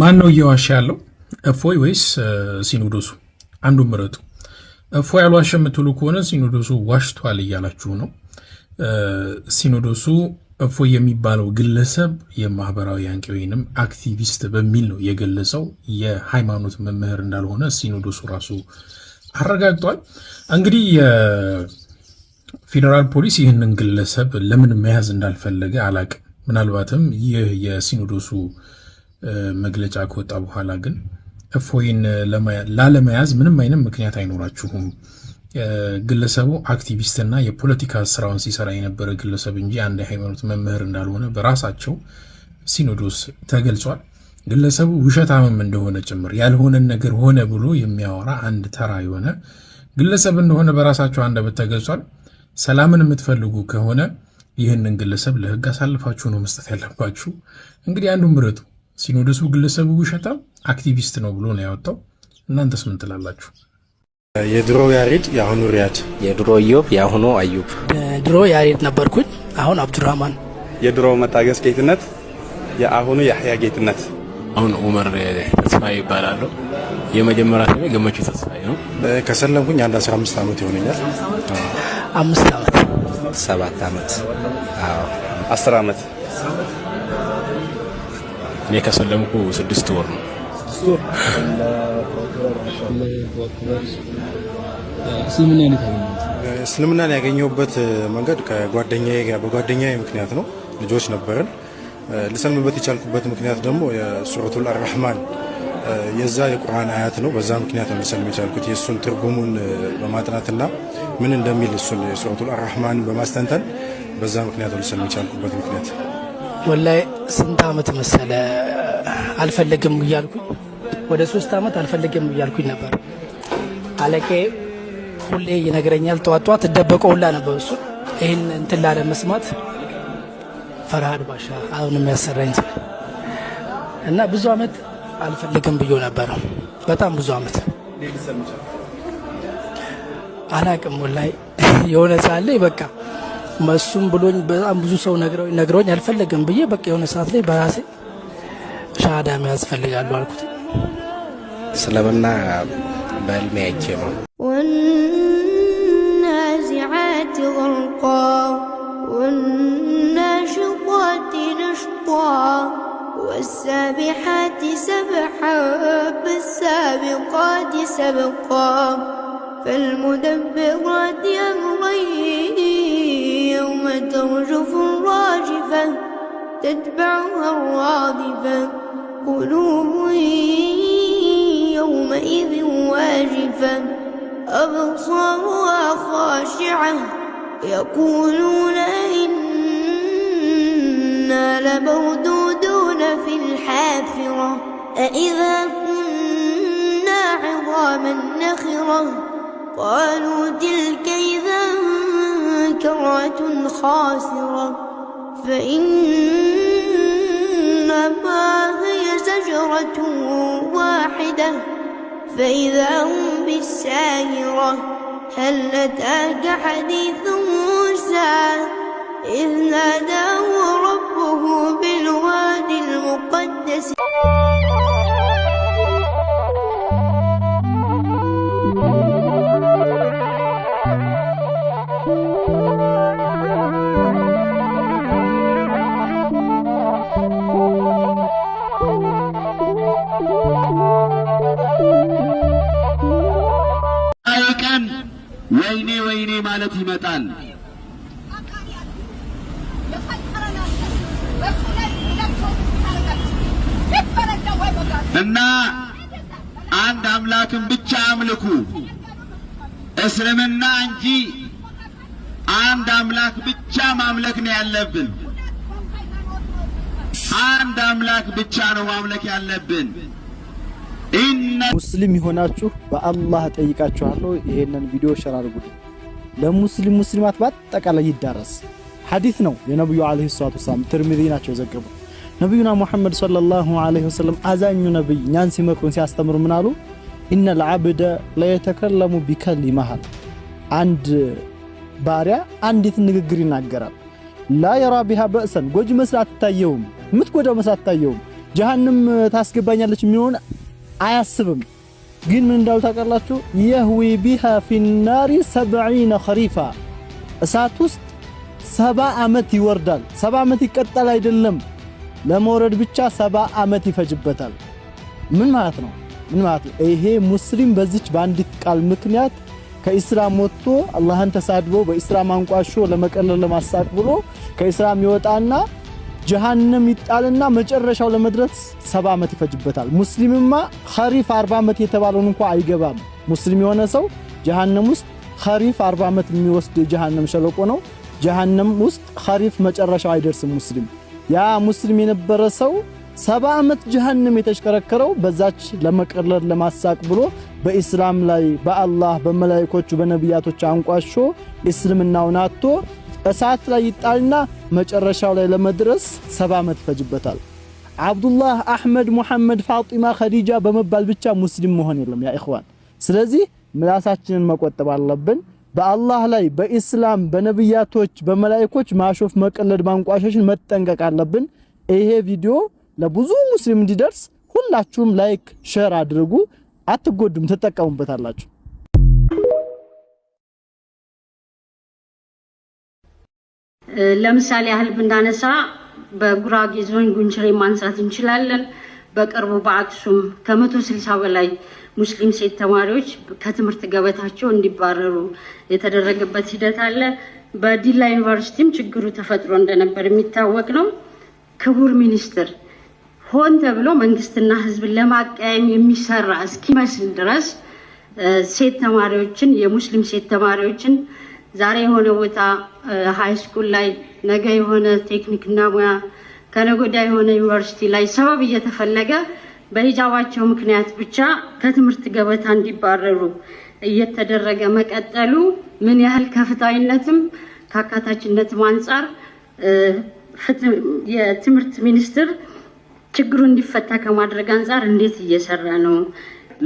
ማን ነው እየዋሸ ያለው? እፎይ ወይስ ሲኖዶሱ? አንዱ ምረጡ። እፎይ ያልዋሸ የምትሉ ከሆነ ሲኖዶሱ ዋሽቷል እያላችሁ ነው። ሲኖዶሱ እፎይ የሚባለው ግለሰብ የማህበራዊ አንቂ ወይንም አክቲቪስት በሚል ነው የገለጸው የሃይማኖት መምህር እንዳልሆነ ሲኖዶሱ ራሱ አረጋግጧል። እንግዲህ የፌዴራል ፖሊስ ይህንን ግለሰብ ለምን መያዝ እንዳልፈለገ አላቅም። ምናልባትም ይህ የሲኖዶሱ መግለጫ ከወጣ በኋላ ግን እፎይን ላለመያዝ ምንም አይነት ምክንያት አይኖራችሁም። ግለሰቡ አክቲቪስትና የፖለቲካ ስራውን ሲሰራ የነበረ ግለሰብ እንጂ አንድ የሃይማኖት መምህር እንዳልሆነ በራሳቸው ሲኖዶስ ተገልጿል። ግለሰቡ ውሸታምም እንደሆነ ጭምር ያልሆነን ነገር ሆነ ብሎ የሚያወራ አንድ ተራ የሆነ ግለሰብ እንደሆነ በራሳቸው አንደበት ተገልጿል። ሰላምን የምትፈልጉ ከሆነ ይህንን ግለሰብ ለህግ አሳልፋችሁ ነው መስጠት ያለባችሁ። እንግዲህ አንዱ ምረጡ። ሲኖዶሱ ግለሰቡ ውሸታ አክቲቪስት ነው ብሎ ነው ያወጣው። እናንተስ ምን ትላላችሁ? የድሮ ያሬድ የአሁኑ ሪያድ፣ የድሮ ኢዮብ የአሁኑ አዩብ። ድሮ ያሬድ ነበርኩኝ፣ አሁን አብዱራህማን። የድሮ መታገስ ጌትነት፣ የአሁኑ የአህያ ጌትነት። አሁን ኡመር ተስፋዬ ይባላሉ። የመጀመሪያ ስሜ ገመቹ ተስፋዬ ነው። ከሰለምኩኝ አንድ 15 ዓመት ይሆነኛል። አምስት ዓመት፣ ሰባት ዓመት፣ አስር ዓመት እኔ ከሰለምኩ ስድስት ወር ነው። እስልምናን ያገኘሁበት መንገድ ከጓደኛዬ ጋር በጓደኛዬ ምክንያት ነው። ልጆች ነበርን። ልሰልምበት የቻልኩበት ምክንያት ደግሞ የሱረቱል አርራህማን የዛ የቁርአን አያት ነው። በዛ ምክንያት ነው ልሰልም የቻልኩት። የእሱን ትርጉሙን በማጥናትና ምን እንደሚል እሱን የሱረቱል አርራህማን በማስተንተን በዛ ምክንያት ነው ልሰልም የቻልኩበት ምክንያት ወላይ ስንት አመት መሰለ አልፈለግም እያልኩኝ ወደ ሶስት አመት አልፈለግም እያልኩኝ ነበር። አለቄ ሁሌ ይነግረኛል። ጠዋት ጠዋት ሁላ ነበር እሱ ይህን እንትን ላለ መስማት ፈርሃድ ባሻ አሁንም ያሰራኝ ሰው እና ብዙ አመት አልፈልግም ብዬ ነበረ። በጣም ብዙ አመት አላቅም ወላይ የሆነ ሳለ በቃ ماسوم بلون بامزوسو نقرأ نقرأ نعرف اللجنة بيجي بكي هون ساعات لي براسي شهادة ماس في اللجنة الباركوت سلامنا بالمجمع والنازعات غلقا والناشطات نشطا والسابحات سبحا بالسابقات سبقا فالمدبرات تتبعها الرادفة قلوب يومئذ واجفة أبصارها خاشعة يقولون إنا لمردودون في الحافرة أإذا كنا عظاما نخرة قالوا تلك إذا كرة خاسرة فإنما هي زجرة واحدة فإذا هم بالساهرة هل أتاك حديث موسى إذ ناداه ربه بالوادي المقدس አምልኩ እስልምና እንጂ አንድ አምላክ ብቻ ማምለክ ነው ያለብን። አንድ አምላክ ብቻ ነው ማምለክ ያለብን። ሙስሊም የሆናችሁ በአላህ ጠይቃችኋለሁ፣ ይሄንን ቪዲዮ ሸር አድርጉልኝ። ለሙስሊም ሙስሊማት በአጠቃላይ ይዳረስ። ሐዲስ ነው የነቢዩ ዓለይሂ ሰላቱ ወሰላም ትርሚዚ ናቸው ዘገቡ ነቢዩና ሙሐመድ ሰለላሁ ዓለይሂ ወሰለም አዛኙ ነቢይ እኛን ሲመክሩን ሲያስተምሩ ምን አሉ? ኢነል ዓብደ ለየተከለሙ ቢከሊመሃል አንድ ባሪያ አንዲት ንግግር ይናገራል። ላ የራ ቢሃ በእሰን ጎጅ መስል አትታየውም፣ ምትጎዳው መስል አትታየውም። ጀሃንም ታስገባኛለች የሚሆን አያስብም። ግን ምን እንዳሉ ታውቃላችሁ? የህዊ ቢሃ ፊናሪ ሰብዒነ ኸሪፋ እሳት ውስጥ ሰባ ዓመት ይወርዳል። ሰባ ዓመት ይቀጠል አይደለም፣ ለመውረድ ብቻ ሰባ ዓመት ይፈጅበታል። ምን ማለት ነው? ምን ማለት ነው? ይሄ ሙስሊም በዚች በአንዲት ቃል ምክንያት ከኢስላም ወጥቶ አላህን ተሳድቦ በኢስላም አንቋሾ ለመቀለል ለማሳቅ ብሎ ከኢስላም ይወጣና ጀሃነም ይጣልና መጨረሻው ለመድረስ ሰባ ዓመት ይፈጅበታል። ሙስሊምማ ኸሪፍ 40 ዓመት የተባለውን እንኳ አይገባም። ሙስሊም የሆነ ሰው ጀሃነም ውስጥ ኸሪፍ አርባ ዓመት የሚወስድ የጀሃነም ሸለቆ ነው። ጀሃነም ውስጥ ኸሪፍ መጨረሻው አይደርስም ሙስሊም ያ ሙስሊም የነበረ ሰው ሰባ ዓመት ጀሃንም የተሽከረከረው በዛች ለመቀለድ ለማሳቅ ብሎ በኢስላም ላይ በአላህ በመላይኮቹ በነቢያቶች አንቋሾ እስልምናውን አጥቶ እሳት ላይ ይጣልና መጨረሻው ላይ ለመድረስ ሰባ ዓመት ፈጅበታል። አብዱላህ፣ አሕመድ፣ ሙሐመድ፣ ፋጢማ፣ ኸዲጃ በመባል ብቻ ሙስሊም መሆን የለም ያ ኢኽዋን። ስለዚህ ምላሳችንን መቆጠብ አለብን። በአላህ ላይ በኢስላም በነቢያቶች በመላይኮች ማሾፍ፣ መቀለድ፣ ማንቋሸሽን መጠንቀቅ አለብን። ይሄ ቪዲዮ ለብዙ ሙስሊም እንዲደርስ ሁላችሁም ላይክ ሼር አድርጉ። አትጎዱም፣ ትጠቀሙበታላችሁ። ለምሳሌ ያህል ብናነሳ በጉራጌ ዞን ጉንችሬ ማንሳት እንችላለን። በቅርቡ በአክሱም ከመቶ ስልሳ በላይ ሙስሊም ሴት ተማሪዎች ከትምህርት ገበታቸው እንዲባረሩ የተደረገበት ሂደት አለ። በዲላ ዩኒቨርሲቲም ችግሩ ተፈጥሮ እንደነበር የሚታወቅ ነው። ክቡር ሚኒስትር ሆን ተብሎ መንግስትና ህዝብን ለማቀያየም የሚሰራ እስኪመስል ድረስ ሴት ተማሪዎችን የሙስሊም ሴት ተማሪዎችን ዛሬ የሆነ ቦታ ሃይስኩል ላይ ነገ የሆነ ቴክኒክና ሙያ ከነጎዳ የሆነ ዩኒቨርሲቲ ላይ ሰበብ እየተፈለገ በሂጃባቸው ምክንያት ብቻ ከትምህርት ገበታ እንዲባረሩ እየተደረገ መቀጠሉ ምን ያህል ከፍትሃዊነትም ከአካታችነትም አንጻር የትምህርት ሚኒስትር ችግሩ እንዲፈታ ከማድረግ አንጻር እንዴት እየሰራ ነው?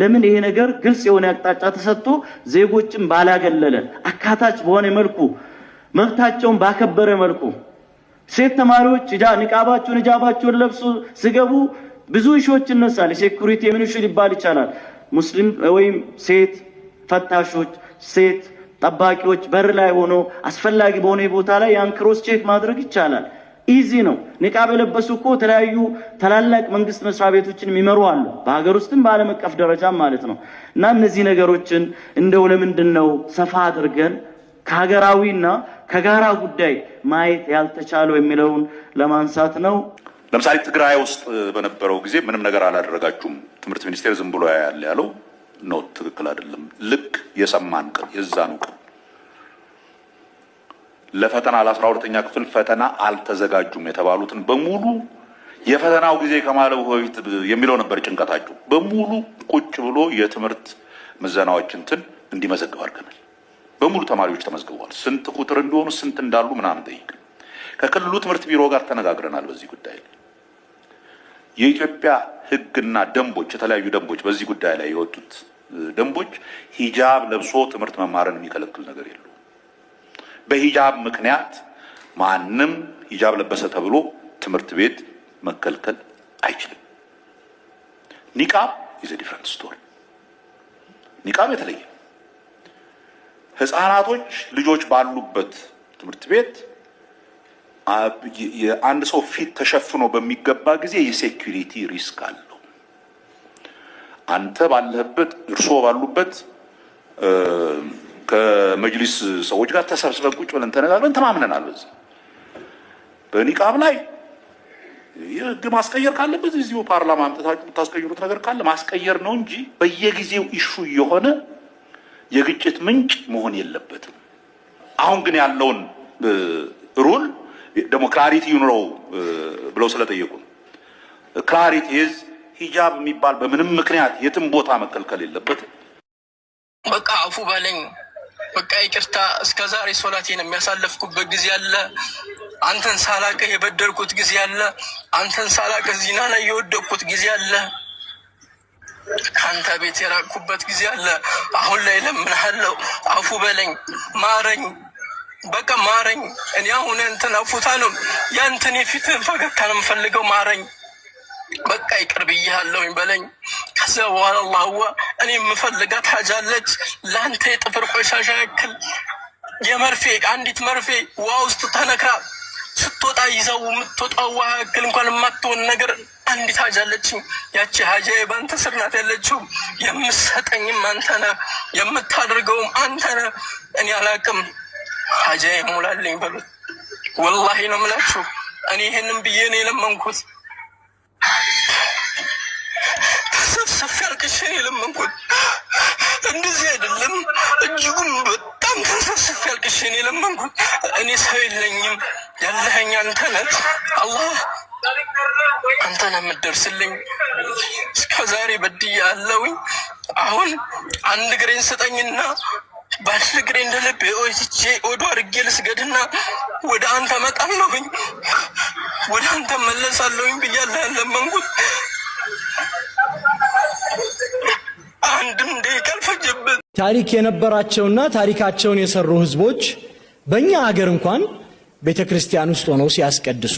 ለምን ይሄ ነገር ግልጽ የሆነ አቅጣጫ ተሰጥቶ ዜጎችን ባላገለለ አካታች በሆነ መልኩ መብታቸውን ባከበረ መልኩ ሴት ተማሪዎች ንቃባቸውን ሂጃባቸውን ለብሱ ሲገቡ ብዙ እሾች ይነሳል። የሴኩሪቲ የምን ሊባል ይቻላል። ሙስሊም ወይም ሴት ፈታሾች፣ ሴት ጠባቂዎች በር ላይ ሆኖ አስፈላጊ በሆነ ቦታ ላይ ያን ክሮስ ቼክ ማድረግ ይቻላል። ኢዚ ነው። ኒቃብ የለበሱ እኮ የተለያዩ ታላላቅ መንግስት መስሪያ ቤቶችን የሚመሩ አሉ፣ በሀገር ውስጥም በዓለም አቀፍ ደረጃም ማለት ነው። እና እነዚህ ነገሮችን እንደው ለምንድን ነው ሰፋ አድርገን ከሀገራዊና ከጋራ ጉዳይ ማየት ያልተቻለው የሚለውን ለማንሳት ነው። ለምሳሌ ትግራይ ውስጥ በነበረው ጊዜ ምንም ነገር አላደረጋችሁም፣ ትምህርት ሚኒስቴር ዝም ብሎ ያለ ያለው ነው፣ ትክክል አይደለም። ልክ የሰማን ቀን የዛን ቀን ለፈተና ለአስራ ሁለተኛ ክፍል ፈተና አልተዘጋጁም የተባሉትን በሙሉ የፈተናው ጊዜ ከማለፉ በፊት የሚለው ነበር ጭንቀታቸው። በሙሉ ቁጭ ብሎ የትምህርት ምዘናዎችን እንትን እንዲመዘግብ አድርገናል። በሙሉ ተማሪዎች ተመዝግበዋል። ስንት ቁጥር እንዲሆኑ ስንት እንዳሉ ምናምን ጠይቅ። ከክልሉ ትምህርት ቢሮ ጋር ተነጋግረናል። በዚህ ጉዳይ ላይ የኢትዮጵያ ሕግና ደንቦች የተለያዩ ደንቦች በዚህ ጉዳይ ላይ የወጡት ደንቦች ሂጃብ ለብሶ ትምህርት መማርን የሚከለክል ነገር የለው? በሂጃብ ምክንያት ማንም ሂጃብ ለበሰ ተብሎ ትምህርት ቤት መከልከል አይችልም። ኒቃብ ኢዝ ዲፍረንት ስቶሪ። ኒቃብ የተለየ ህፃናቶች ልጆች ባሉበት ትምህርት ቤት የአንድ ሰው ፊት ተሸፍኖ በሚገባ ጊዜ የሴኩሪቲ ሪስክ አለው። አንተ ባለህበት እርስዎ ባሉበት ከመጅሊስ ሰዎች ጋር ተሰብስበን ቁጭ ብለን ተነጋግረን ተማምነናል። በዚህ በኒቃብ ላይ የህግ ማስቀየር ካለበት እዚሁ ፓርላማ አምጥታችሁ የምታስቀይሩት ነገር ካለ ማስቀየር ነው እንጂ በየጊዜው ኢሹ የሆነ የግጭት ምንጭ መሆን የለበትም። አሁን ግን ያለውን ሩል ደግሞ ክላሪቲ ይኑረው ብለው ስለጠየቁ ነው። ክላሪቲ ዝ ሂጃብ የሚባል በምንም ምክንያት የትም ቦታ መከልከል የለበትም። በቃ አፉ በለኝ በቃ ይቅርታ፣ እስከ ዛሬ ሶላቴን የሚያሳለፍኩበት ጊዜ አለ። አንተን ሳላቀ የበደልኩት ጊዜ አለ። አንተን ሳላቀ ዚና ላይ የወደቅኩት ጊዜ አለ። ከአንተ ቤት የራቅኩበት ጊዜ አለ። አሁን ላይ ለምንሃለው፣ አፉ በለኝ፣ ማረኝ፣ በቃ ማረኝ። እኔ አሁን ያንተን አፉታ ነው ያንተን የፊትን ፈገግታ ነው የምፈልገው። ማረኝ በቃ ይቅር ብያለሁኝ በለኝ። ከዚያ በኋላ አላህዋ እኔ የምፈልጋት ሀጃለች ለአንተ የጥፍር ቆሻሻ ያክል የመርፌ አንዲት መርፌ ውሃ ውስጥ ተነክራ ስትወጣ ይዘው የምትወጣ ውሃ ያክል እንኳን የማትሆን ነገር አንዲት ሀጃ ያቺ ሀጃ በአንተ ስር ናት ያለችው። የምሰጠኝም አንተ ነህ፣ የምታደርገውም አንተ ነህ። እኔ አላቅም፣ ሀጃ ሙላልኝ በሉት። ወላሂ ነው የምላችሁ እኔ ይህንም ብዬ ነው የለመንኩት። ሰፊ አርቅሽ የለመንኩት እንደዚህ አይደለም። እጅጉም በጣም ተንሰብስፍ ያልቅሽን የለመንኩት እኔ ሰው የለኝም ያለኸኝ አንተ ነህ አላህ፣ አንተ ነህ የምትደርስልኝ። እስከ ዛሬ በድያ በድያለሁኝ። አሁን አንድ እግሬን ስጠኝና በአንድ እግሬ እንደ ልብ ኦይትቼ ወዶ አድርጌ ልስገድና ወደ አንተ መጣለሁኝ፣ ወደ አንተ መለሳለሁኝ ብያለህን ለመንኩት አንድም ደቂቃ አልፈጀበት። ታሪክ የነበራቸውና ታሪካቸውን የሰሩ ህዝቦች በእኛ አገር እንኳን ቤተ ክርስቲያን ውስጥ ሆነው ሲያስቀድሱ፣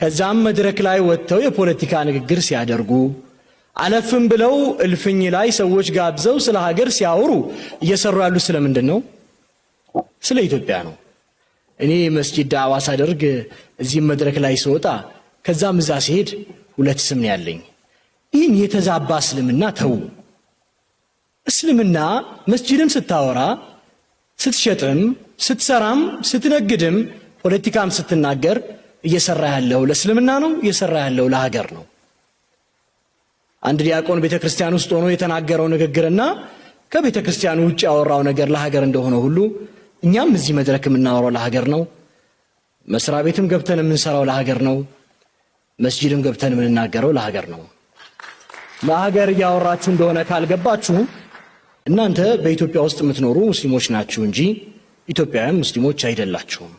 ከዛም መድረክ ላይ ወጥተው የፖለቲካ ንግግር ሲያደርጉ፣ አለፍም ብለው እልፍኝ ላይ ሰዎች ጋብዘው ስለ ሀገር ሲያወሩ እየሰሩ ያሉት ስለምንድን ነው? ስለ ኢትዮጵያ ነው። እኔ መስጂድ ዳዕዋ ሳደርግ እዚህም መድረክ ላይ ስወጣ ከዛም እዛ ሲሄድ ሁለት ስም ያለኝ። ይህን የተዛባ እስልምና ተዉ። እስልምና መስጅድም ስታወራ ስትሸጥም ስትሰራም ስትነግድም ፖለቲካም ስትናገር እየሰራ ያለው ለእስልምና ነው፣ እየሰራ ያለው ለሀገር ነው። አንድ ዲያቆን ቤተ ክርስቲያን ውስጥ ሆኖ የተናገረው ንግግርና ከቤተ ክርስቲያኑ ውጭ ያወራው ነገር ለሀገር እንደሆነ ሁሉ እኛም እዚህ መድረክ የምናወራው ለሀገር ነው። መስሪያ ቤትም ገብተን የምንሰራው ለሀገር ነው። መስጂድም ገብተን የምንናገረው ለሀገር ነው። ለሀገር እያወራችሁ እንደሆነ ካልገባችሁ እናንተ በኢትዮጵያ ውስጥ የምትኖሩ ሙስሊሞች ናችሁ እንጂ ኢትዮጵያውያን ሙስሊሞች አይደላችሁም።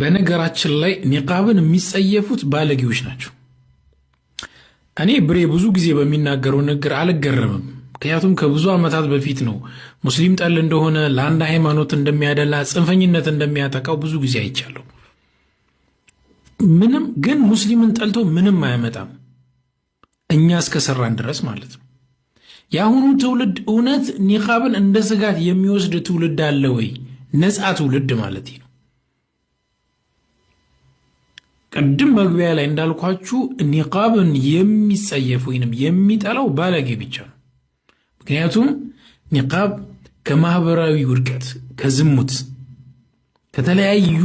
በነገራችን ላይ ኒቃብን የሚጸየፉት ባለጌዎች ናቸው። እኔ ብሬ ብዙ ጊዜ በሚናገረው ንግግር አልገረምም። ምክንያቱም ከብዙ ዓመታት በፊት ነው ሙስሊም ጠል እንደሆነ ለአንድ ሃይማኖት እንደሚያደላ ጽንፈኝነት እንደሚያጠቃው ብዙ ጊዜ አይቻለሁ። ምንም ግን ሙስሊምን ጠልቶ ምንም አያመጣም። እኛ እስከሰራን ድረስ ማለት ነው። የአሁኑ ትውልድ እውነት ኒቃብን እንደ ስጋት የሚወስድ ትውልድ አለ ወይ? ነፃ ትውልድ ማለት ነው። ቅድም መግቢያ ላይ እንዳልኳችሁ ኒቃብን የሚጸየፍ ወይንም የሚጠላው ባለጌ ብቻ ነው። ምክንያቱም ኒቃብ ከማህበራዊ ውድቀት ከዝሙት ከተለያዩ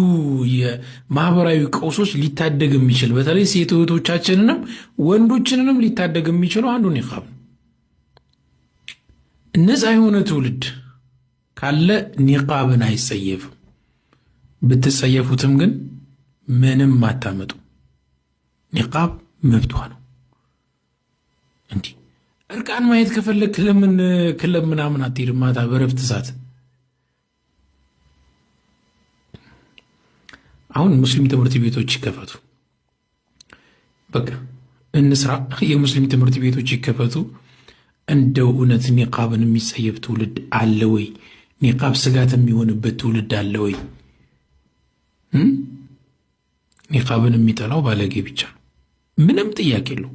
የማህበራዊ ቀውሶች ሊታደግ የሚችል በተለይ ሴት እህቶቻችንንም ወንዶችንንም ሊታደግ የሚችለው አንዱ ኒቃብ ነው። ነፃ የሆነ ትውልድ ካለ ኒቃብን አይጸየፍም። ብትጸየፉትም ግን ምንም አታመጡ። ኒቃብ መብቷ ነው። እንዲህ እርቃን ማየት ከፈለግ ክለብ ምናምን አትሄድም። ማታ በረፍት ሰዓት አሁን ሙስሊም ትምህርት ቤቶች ይከፈቱ፣ በቃ እንስራ። የሙስሊም ትምህርት ቤቶች ይከፈቱ። እንደው እውነት ኒቃብን የሚጸየፍ ትውልድ አለ ወይ? ኒቃብ ስጋት የሚሆንበት ትውልድ አለ ወይ? ኒቃብን የሚጠላው ባለጌ ብቻ ነው። ምንም ጥያቄ የለው።